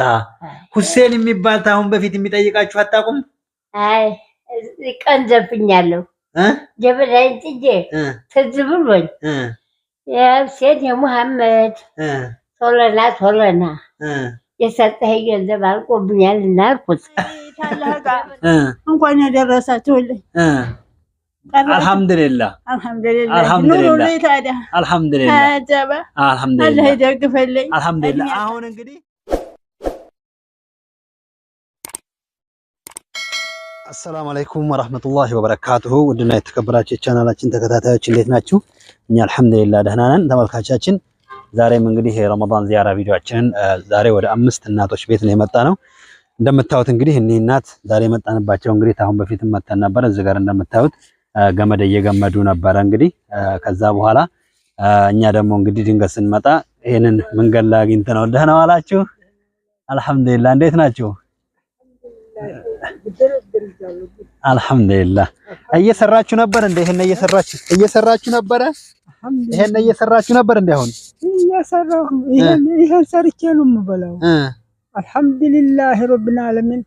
መጣ ሁሴን የሚባል ታሁን በፊት የሚጠይቃችሁ አታውቁም? አይ ቀን ዘብኛለሁ ጀበላይን ጥጄ ትዝ ብሎኝ የሁሴን የሙሐመድ ቶለና ቶለና የሰጠኸኝ ገንዘብ አልቆብኛል እና አልኩት። እንኳን ያደረሳችሁልኝ። አልሐምዱሊላህ አልሐምዱሊላህ አልሐምዱሊላህ አልሐምዱሊላህ አላህ ይደግፈልኝ። አሁን እንግዲህ አሰላሙ አለይኩም ወራህመቱላሂ ወበረካቱሁ ውድና የተከበራችሁ የቻናላችን ተከታታዮች እንዴት ናችሁ? እኛ አልሐምዱሊላህ ደህና ነን። ተመልካቻችን ዛሬም እንግዲህ የረመዳን ዚያራ ቪዲዮአችንን ዛሬ ወደ አምስት እናቶች ቤት ነው የመጣ ነው። እንደምታዩት እንግዲህ እኒህ እናት ዛሬ የመጣንባቸው እንግዲህ ታሁን በፊትም መተን ነበረ። እዚህ ጋር እንደምታዩት ገመድ እየገመዱ ነበረ። እንግዲህ ከዛ በኋላ እኛ ደግሞ እንግዲህ ድንገት ስንመጣ ይሄንን መንገድ ላይ አግኝተነው ደህና ዋላችሁ? አልሐምዱሊላህ እንዴት ናችሁ? አልሐምዱሊላህ እየሰራችሁ ነበር እንደ ይሄን እየሰራችሁ እየሰራችሁ ነበረ ይሄን እየሰራችሁ ነበር እንደ አሁን እየሰራሁ ይሄን ይሄን ሰርቼ ነው የምበላው። አልሐምዱሊላህ ረብል ዓለሚን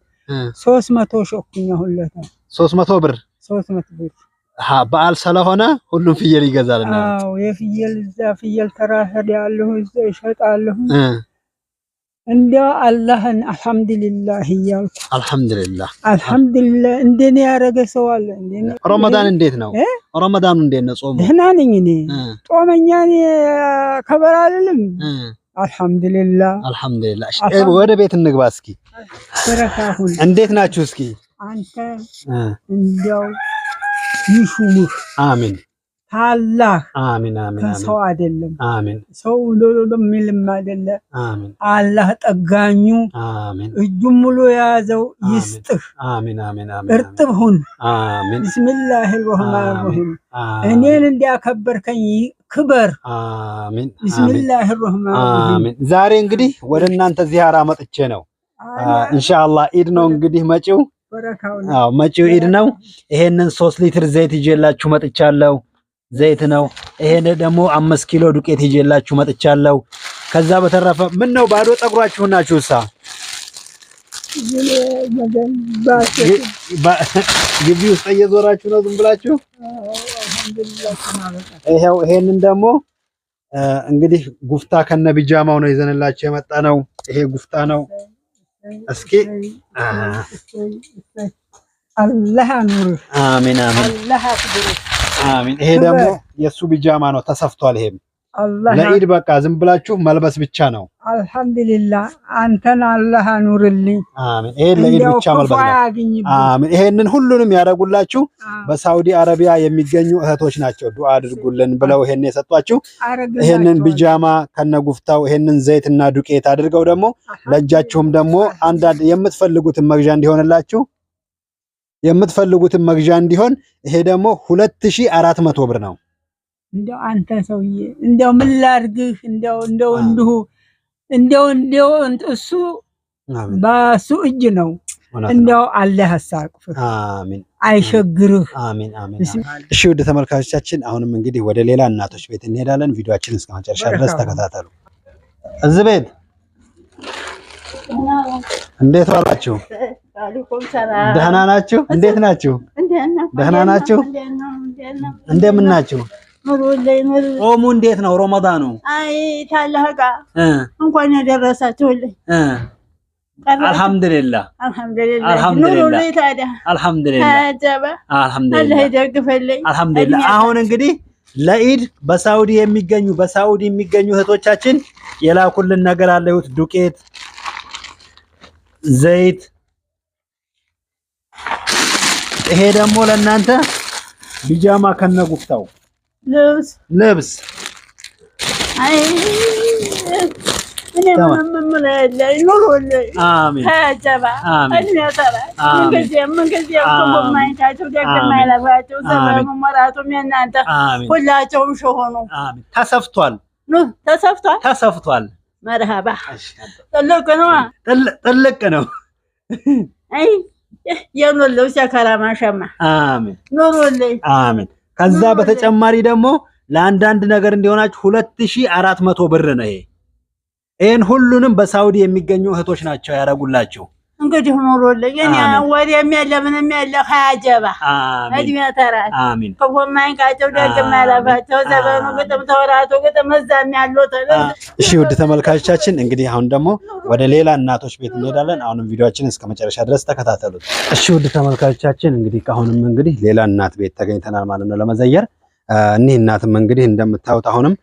300 ሸኩኝ አሁን 300 ብር 300 ብር ሀ በዓል ስለሆነ ሁሉም ፍየል ይገዛልና አዎ የፍየል እዛ ፍየል ተራ ሄዳለሁ እዛ ይሸጣለሁ እንዲያ አላህን አልሐምዱሊላህ እያልኩ አልሐምዱሊላህ አልሐምዱሊላህ። እንደኔ ያደረገ ሰው አለ? ረመዳን እንዴት ነው? ረመዳን እንዴት ነው? ጾሙ ደህና ነኝ እኔ ጦመኛ እኔ ከበር አልልም። አልሐምዱሊላህ አልሐምዱሊላህ። ወደ ቤት እንግባ እስኪ። እንዴት ናችሁ? እስኪ አንተ እንዲያው ይሹምህ። አሚን አላህ አሚን አሚን ሰው አይደለም። አሚን ሰው ሎሎ ምንም አይደለ። አሚን አላህ ጠጋኙ አሚን እጁም ሙሉ የያዘው ይስጥህ። አሚን አሚን አሚን እርጥብ ሁን። አሚን ቢስሚላሂ ረህማን ረሂም እኔን እንዲያከበርከኝ ክበር። አሚን ቢስሚላሂ ረህማን አሚን። ዛሬ እንግዲህ ወደ እናንተ ዚያራ መጥቼ ነው። ኢንሻአላህ ኢድ ነው እንግዲህ መጪው፣ አዎ መጪው ኢድ ነው። ይሄንን ሶስት ሊትር ዘይት ይዤላችሁ መጥቻለሁ። ዘይት ነው። ይሄን ደግሞ አምስት ኪሎ ዱቄት ይዤላችሁ መጥቻለሁ። ከዛ በተረፈ ምን ነው ባዶ ጸጉራችሁ ናችሁ ሳ ግቢ ውስጥ እየዞራችሁ ነው ዝም ብላችሁ። ይሄው ይሄንን ደግሞ እንግዲህ ጉፍታ ከነ ቢጃማው ነው ይዘንላችሁ የመጣ ነው። ይሄ ጉፍታ ነው። እስኪ አላህ አኑር። አሚን አሚን አላህ አክብር አሚን። ይሄ ደግሞ የእሱ ቢጃማ ነው ተሰፍቷል። ይሄም ለኢድ በቃ ዝም ብላችሁ መልበስ ብቻ ነው። አልሐምዱሊላህ አንተን አላህ አኑርልኝ። አሜን። ይሄ ለኢድ ብቻ መልበስ ነው። አሜን። ይሄንን ሁሉንም ያደረጉላችሁ በሳውዲ አረቢያ የሚገኙ እህቶች ናቸው። ዱዓ አድርጉልን ብለው ይሄን የሰጧችሁ ይሄንን ቢጃማ ከነጉፍታው ይሄንን ዘይትና ዱቄት አድርገው ደግሞ ለእጃችሁም ደግሞ አንዳንድ የምትፈልጉትን መግዣ እንዲሆንላችሁ የምትፈልጉትን መግዣ እንዲሆን ይሄ ደግሞ ሁለት ሺህ አራት መቶ ብር ነው። እንደው አንተ ሰውዬ እንደው ምን ላድርግህ? እንደው እንደው እንዲሁ እንደው እንደው እሱ በሱ እጅ ነው። እንደው አለ አሳቅፍህ፣ አሜን። አይሸግርህ፣ አሜን፣ አሜን። እሺ ውድ ተመልካቾቻችን አሁንም እንግዲህ ወደ ሌላ እናቶች ቤት እንሄዳለን። ቪዲዮአችን እስከ መጨረሻ ድረስ ተከታተሉ። እዚህ ቤት እንዴት ዋላችሁ? ደህና ናችሁ? እንዴት ናችሁ? ደህና ናችሁ? እንደምን ናችሁ? ጾሙ እንዴት ነው? ረመዳኑ አይ ታላህ እንኳን ያደረሳችሁልኝ። አልሐምዱሊላህ አሁን እንግዲህ ለኢድ በሳውዲ የሚገኙ በሳውዲ የሚገኙ እህቶቻችን የላኩልን ነገር አለ። ይኸውት ዱቄት፣ ዘይት ይሄ ደግሞ ለእናንተ ቢጃማ ከነጉፍታው ልብስ ልብስ አይ ሁላቸውም ተሰፍቷል፣ ተሰፍቷል፣ ተሰፍቷል። መርሃባ ጥልቅ ነው፣ ጥልቅ ነው። የኖለው ሲያካላማ ሸማ አሜን፣ ኖሮልኝ አሜን። ከዛ በተጨማሪ ደግሞ ለአንዳንድ ነገር እንዲሆናችሁ ሁለት ሺህ አራት መቶ ብር ነው ይሄ። ይህን ሁሉንም በሳውዲ የሚገኙ እህቶች ናቸው ያደረጉላችሁ። እንግዲህ ኑሮልኝ እኔ ወዲያም የለ ምንም የለ ከያጀባ እድሜ ተራት ከጎማኝቃቸው ደግማላባቸው ዘበኑ ግጥም ተወራቶ ግጥም እዛም ያሉት። እሺ ውድ ተመልካቾቻችን እንግዲህ አሁን ደግሞ ወደ ሌላ እናቶች ቤት እንሄዳለን። አሁንም ቪዲዮችን እስከ መጨረሻ ድረስ ተከታተሉት። እሺ ውድ ተመልካቾቻችን እንግዲህ አሁንም እንግዲህ ሌላ እናት ቤት ተገኝተናል ማለት ነው ለመዘየር። እኒህ እናትም እንግዲህ እንደምታዩት አሁንም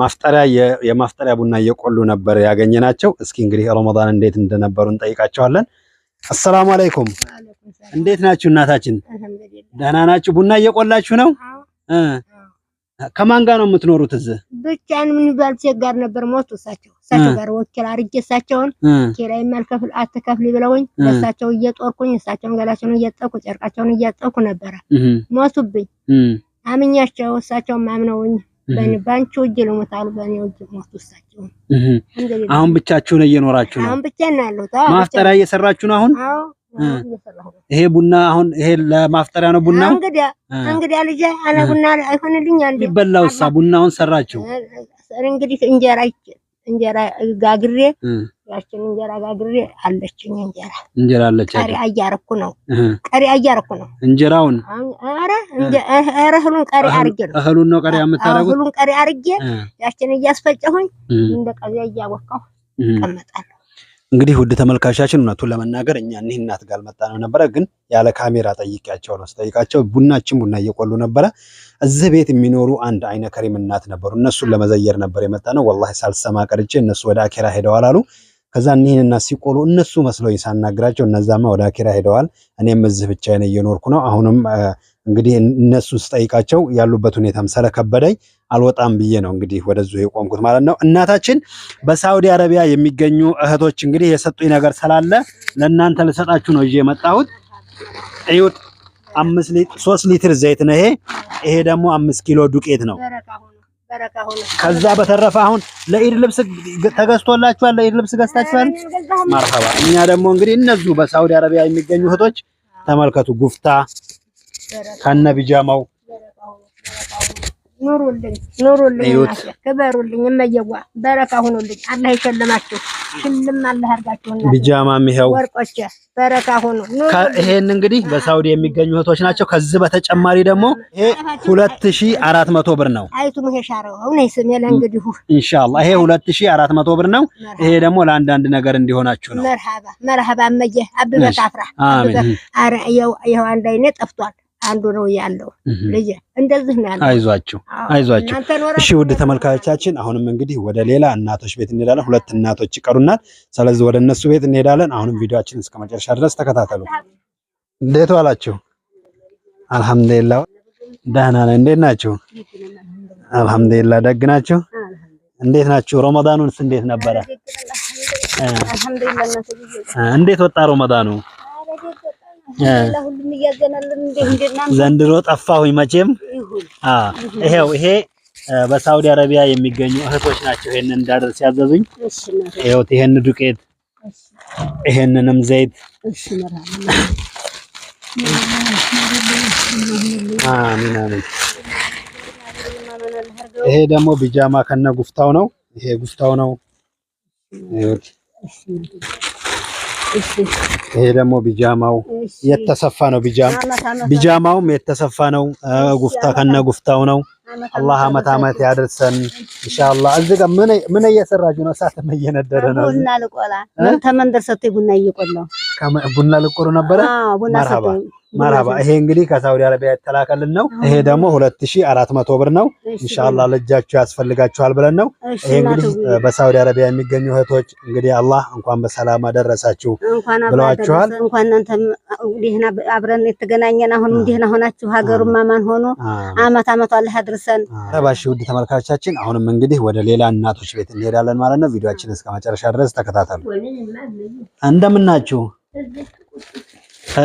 ማፍጠሪያ የማፍጠሪያ ቡና እየቆሉ ነበር ያገኘ ናቸው። እስኪ እንግዲህ ረመዳን እንዴት እንደነበሩ እንጠይቃቸዋለን። አሰላሙ አለይኩም እንዴት ናችሁ እናታችን? ደህና ናችሁ? ቡና እየቆላችሁ ነው? ከማን ጋር ነው የምትኖሩት? እዚህ ብቻን ምን ይባል ቸጋር ነበር። ሞቱ እሳቸው እሳቸው ጋር ወኪል አድርጌ እሳቸውን ኪራይ ማልከፍል አትከፍል ብለውኝ እሳቸው እየጦርኩኝ እሳቸውን ገላቸውን እያጠቁ ጨርቃቸውን እያጠቁ ነበረ። ሞቱብኝ። አምኛቸው እሳቸውም አምነውኝ በአንቺ ወጅ ልሞት አሉ። በእኔ ወጅ ሞት ውሳቸው አሁን ብቻችሁን እየኖራችሁ ነው? አሁን ብቻ ነው ያለሁት። ማፍጠሪያ እየሰራችሁ ነው አሁን? ይሄ ቡና አሁን ይሄ ለማፍጠሪያ ነው ቡና። እንግዲህ እንግዲህ ልጄ አለ ቡና አይሆንልኝ አንዴ ቢበላውሳ ቡናውን ሰራችሁ እንግዲህ እንጀራ እንጀራ ጋግሬ ያችን እንጀራ ጋግሬ አለችኝ። እንጀራ እንጀራ አለች። ቀሪ አያረኩ ነው ቀሪ አያረኩ ነው እንጀራውን አረ አረ እህሉን ቀሪ አርጌ ነው እህሉን ነው ቀሪ የምታረጉት። እህሉን ቀሪ አርጌ ያችን እያስፈጨሁኝ እንደ ቀዚያ እያወካሁ እቀመጣለሁ። እንግዲህ ውድ ተመልካቻችን እውነቱን ለመናገር እኛ እኒህ እናት ጋር መጣ ነው ነበረ፣ ግን ያለ ካሜራ ጠይቂያቸው ነው ስጠይቃቸው ቡናችን ቡና እየቆሉ ነበረ። እዚህ ቤት የሚኖሩ አንድ አይነ ከሪም እናት ነበሩ። እነሱን ለመዘየር ነበር የመጣ ነው። ወላሂ ሳልሰማ ቀርቼ እነሱ ወደ አኬራ ሄደዋል አሉ። ከዛ እኒህን እና ሲቆሉ እነሱ መስለኝ ሳናግራቸው እነዛማ ወደ አኪራ ሄደዋል። እኔም እዚህ ብቻዬን እየኖርኩ ነው። አሁንም እንግዲህ እነሱ ስጠይቃቸው ያሉበት ሁኔታም ስለከበደኝ አልወጣም ብዬ ነው እንግዲህ ወደዚሁ የቆምኩት ማለት ነው። እናታችን በሳውዲ አረቢያ የሚገኙ እህቶች እንግዲህ የሰጡኝ ነገር ስላለ ለእናንተ ልሰጣችሁ ነው ይዤ የመጣሁት። እዩት፣ ሶስት ሊትር ዘይት ነው ይሄ። ይሄ ደግሞ አምስት ኪሎ ዱቄት ነው። ከዛ በተረፈ አሁን ለኢድ ልብስ ተገዝቶላችኋል? ለኢድ ልብስ ገዝታችኋል? ማርሃባ። እኛ ደግሞ እንግዲህ እነዚሁ በሳውዲ አረቢያ የሚገኙ እህቶች ተመልከቱ፣ ጉፍታ ከነ ቢጃማው ኑሩልኝ፣ ኑሩልኝ፣ ክበሩልኝ፣ እመየዋ በረካ ሁኑልኝ። አላህ ይሸልማችሁ፣ ሽልም አላህ አድርጋችሁና ቢጃማም ይኸው ወርቆች በረካ ሁኑ። ይሄን እንግዲህ በሳውዲ የሚገኙ እህቶች ናቸው። ከዚህ በተጨማሪ ደግሞ ይሄ ብር ነው። ይሄ ሻረው አሁን ይስም የለ ኢንሻአላህ ይሄ ብር ነው። ይሄ ደግሞ ለአንዳንድ ነገር እንዲሆናችሁ ነው። መርሃባ መርሃባ፣ አፍራ አረ ይኸው አንድ አይኔ ጠፍቷል። አንዱ ነው ያለው ልጅ እንደዚህ ነው ያለው። አይዟችሁ አይዟችሁ። እሺ ውድ ተመልካቾቻችን አሁንም እንግዲህ ወደ ሌላ እናቶች ቤት እንሄዳለን። ሁለት እናቶች ይቀሩናል። ስለዚህ ወደ እነሱ ቤት እንሄዳለን። አሁንም ቪዲዮአችንን እስከ መጨረሻ ድረስ ተከታተሉ። እንዴት ዋላችሁ? አልሐምዱሊላህ ደህና ነን። እንዴት ናችሁ? አልሐምዱሊላህ ደግ ናችሁ? እንዴት ናችሁ? ረመዳኑንስ እንዴት ነበረ? እንዴት ወጣ ረመዳኑ? ዘንድሮ ጠፋሁኝ መቼም። ይሄው ይሄ በሳውዲ አረቢያ የሚገኙ እህቶች ናቸው ይሄንን እንዳደርስ ሲያዘዙኝ ይሄው ይሄን ዱቄት፣ ይሄንንም ዘይት ይሄ ደግሞ ቢጃማ ከነ ጉፍታው ነው። ይሄ ጉፍታው ነው። ይሄ ደግሞ ቢጃማው የተሰፋ ነው። ቢጃማውም የተሰፋ ነው። ጉፍታ ከነ ጉፍታው ነው። አላህ አመት አመት ያድርሰን ኢንሻአላህ። እዚህ ጋር ምን እየሰራችሁ ነው? እሳት እየነደደ ነው። ቡና ልቆላ ተመንደር ሰጥቶኝ ቡና እየቆላሁ ቡና ልቆሉ ነበረ። መርሀባ መርሀባ። ይሄ እንግዲህ ከሳውዲ አረቢያ የተላከልን ነው። ይሄ ደግሞ ሁለት ሺህ አራት መቶ ብር ነው። ኢንሻአላህ ለእጃችሁ ያስፈልጋችኋል ብለን ነው። ይሄ እንግዲህ በሳውዲ አረቢያ የሚገኙ እህቶች እንግዲህ አላህ እንኳን በሰላም አደረሳችሁ ብለዋችኋል። እንኳን እናንተ ደህና አብረን የተገናኘን አሁንም ደህና ሆናችሁ ሀገሩም አማን ሆኖ አመት አመቱ አላህ ያድርሰን ያድርሰን። ረባሽ ውድ ተመልካቾቻችን፣ አሁንም እንግዲህ ወደ ሌላ እናቶች ቤት እንሄዳለን ማለት ነው። ቪዲዮችን እስከ መጨረሻ ድረስ ተከታተሉ። እንደምን ናችሁ?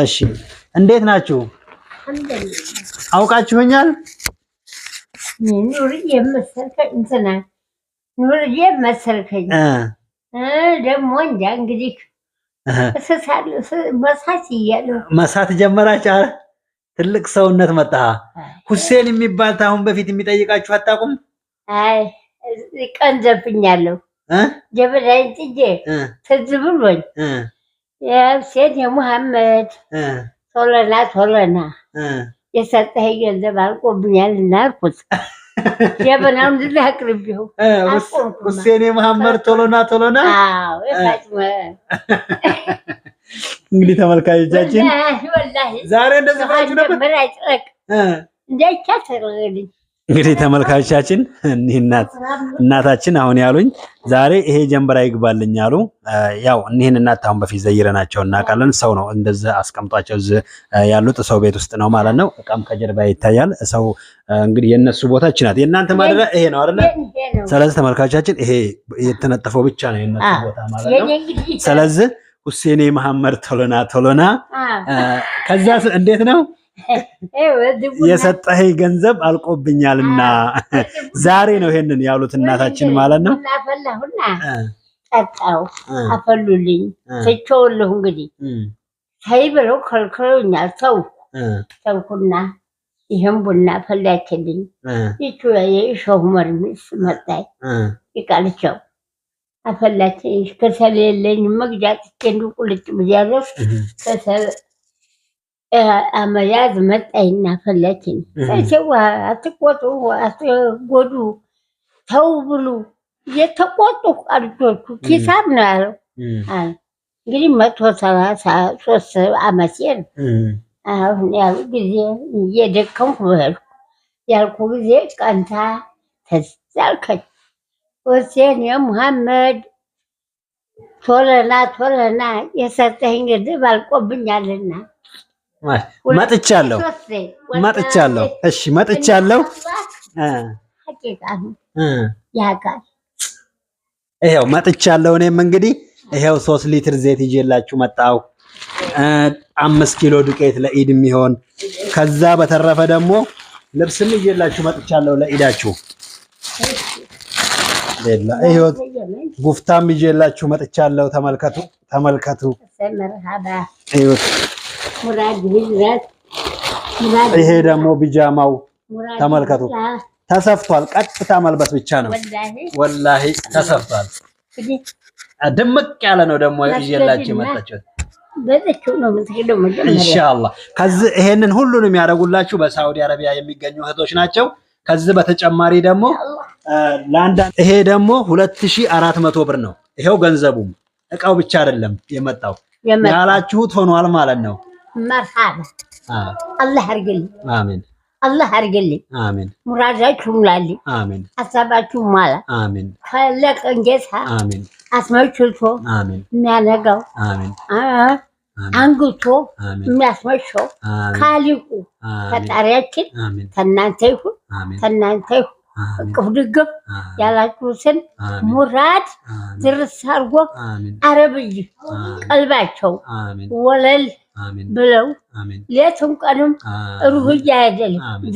እሺ፣ እንዴት ናችሁ? አውቃችሁኛል? ኑርዬ መሰልከኝ እንትና ኑርዬ መሰልከኝ ደግሞ እንጃ እንግዲህ መሳት እያለሁ መሳት ጀመራች። ትልቅ ሰውነት መጣ። ሁሴን የሚባል ታሁን በፊት የሚጠይቃችሁ አታውቁም? አይ ቀን ዘብኛለሁ ጀበላይን ጥጄ ትዝ ብሎኝ የሁሴን የሙሐመድ ቶለና ቶለና የሰጠህ ገንዘብ አልቆብኛል እና አልኩት። ጀበናውን ልል አቅርቢው ሁሴን የሙሐመድ ቶሎና ቶሎና እንግዲህ ተመልካቾቻችን ዛሬ እንደዚህ ብላችሁ ነበር። እንግዲህ ተመልካቾቻችን እኒህ እናት እናታችን አሁን ያሉኝ ዛሬ ይሄ ጀንበራ ይግባልኝ አሉ። ያው እኒህን እናት አሁን በፊት ዘይረናቸው እናውቃለን። ሰው ነው እንደዚህ አስቀምጧቸው ያሉት ሰው ቤት ውስጥ ነው ማለት ነው። እቃም ከጀርባ ይታያል። ሰው እንግዲህ የእነሱ ቦታ ናት። የእናንተ ማደሪያ ይሄ ነው አይደለ? ስለዚህ ተመልካቾቻችን ይሄ የተነጠፈው ብቻ ነው የእነሱ ቦታ ማለት ነው። ስለዚህ ሁሴኔ መሐመድ ቶሎና ቶሎና። ከዛ እንዴት ነው የሰጠኸኝ ገንዘብ አልቆብኛልና ዛሬ ነው ይሄንን ያሉት እናታችን ማለት ነው። ጠጣው አፈሉልኝ። ትቼዋለሁ እንግዲህ ተይ ብለው ከልክለውኛል። ሰው ተውኩና ይህም ቡና ፈላችልኝ። ይቹ የሸሁ መርሚስ መጣይ ይቃልቸው አፈላች ከሰል የለኝ መግጃት እንዲ ቁልጭ ብያለሁ። ከሰል አመያዝ መጣይና አፈላችኝ። ሰው አትቆጡ፣ አትጎዱ፣ ተው ብሉ። የተቆጡ አልጆቹ ኪሳብ ነው ያለው። እንግዲህ መቶ ሰላሳ ሶስት አመቴ አሁን ያሉ ጊዜ እየደከምኩ በሄድኩ ያልኩ ጊዜ ቀንታ ተዛልከች ሁሴን የሙሐመድ ቶለና ቶለና የሰጠኝ እድብ አልቆብኛልና መጥቻለሁ መጥቻለሁ። እሺ መጥቻለሁ። ይኸው መጥቻለሁ። እኔም እንግዲህ ይኸው ሶስት ሊትር ዘይት ይዤላችሁ መጣሁ። አምስት ኪሎ ዱቄት ለኢድ የሚሆን ከዛ በተረፈ ደግሞ ልብስም ይዤላችሁ መጥቻለሁ ለኢዳችሁ ሌላ ይኸው ጉፍታም ይዤላችሁ መጥቻለሁ። ተመልከቱ ተመልከቱ። ይሄ ደግሞ ቢጃማው ተመልከቱ። ተሰፍቷል። ቀጥታ መልበስ ብቻ ነው። ወላሂ ተሰፍቷል። ድምቅ ያለ ነው ደግሞ ይዤላችሁ የመጣችሁት ኢንሻአላህ። ከዚህ ይሄንን ሁሉንም ያደርጉላችሁ በሳውዲ አረቢያ የሚገኙ እህቶች ናቸው። ከዚህ በተጨማሪ ደግሞ ይሄ ደግሞ ሁለት ሺህ አራት መቶ ብር ነው። ይሄው ገንዘቡም እቃው ብቻ አይደለም የመጣው ያላችሁት ሆኗል ማለት ነው። መርሃባ አላህ አድርግልኝ። አሜን። አላህ አድርግልኝ። አሜን። ሙራዳችሁ ሙላልኝ። አሜን። ሀሳባችሁ ማላ። አሜን። ከለቀ እንጌታ። አሜን። አስመችቶ የሚያነጋው አንግቶ የሚያስመሸው ካሊቁ ፈጣሪያችን ከእናንተ ይሁን ከእናንተ ይሁን እቅፍ ድግፍ ያላችሁትን ሙራድ ድርስ አድርጎ አረብይ ቀልባቸው ወለል ብለው ሌትም ቀንም ሩህያ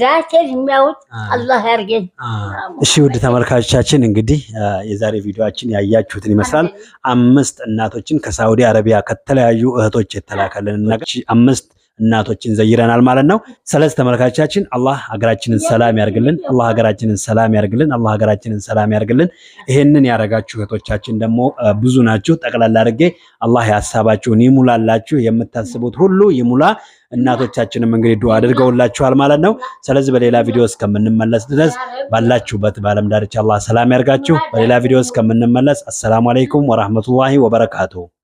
ዛቴን አላህ ያርገኝ። እሺ ውድ ተመልካቾቻችን እንግዲህ የዛሬ ቪዲዮችን ያያችሁትን ይመስላል። አምስት እናቶችን ከሳውዲ አረቢያ ከተለያዩ እህቶች የተላከልን አምስት እናቶችን ዘይረናል ማለት ነው። ስለዚህ ተመልካቻችን አላህ ሀገራችንን ሰላም ያርግልን። አላህ ሀገራችንን ሰላም ያርግልን። አላህ ሀገራችንን ሰላም ያርግልን። ይሄንን ያረጋችሁ እህቶቻችን ደግሞ ብዙ ናችሁ። ጠቅላላ አድርጌ አላህ ያሳባችሁን ይሙላላችሁ። የምታስቡት ሁሉ ይሙላ። እናቶቻችንም እንግዲህ ዱዓ አድርገውላችኋል ማለት ነው። ስለዚህ በሌላ ቪዲዮ እስከምንመለስ ድረስ ባላችሁበት በዓለም ዳርቻ አላህ ሰላም ያርጋችሁ። በሌላ ቪዲዮ እስከምንመለስ አሰላሙ አለይኩም ወራህመቱላሂ ወበረካቱ።